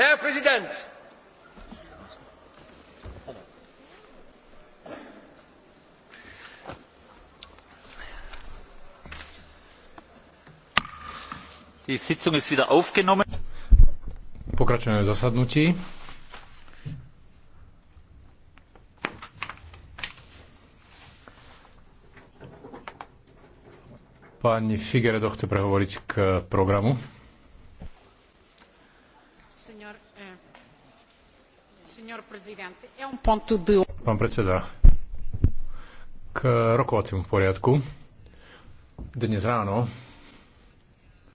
Herr Präsident! Die Sitzung ist wieder aufgenommen. Pokračujeme v zasadnutí. Pani Figueredo chce prehovoriť k programu. Eh, Pán predseda, k rokovaciemu poriadku. Dnes ráno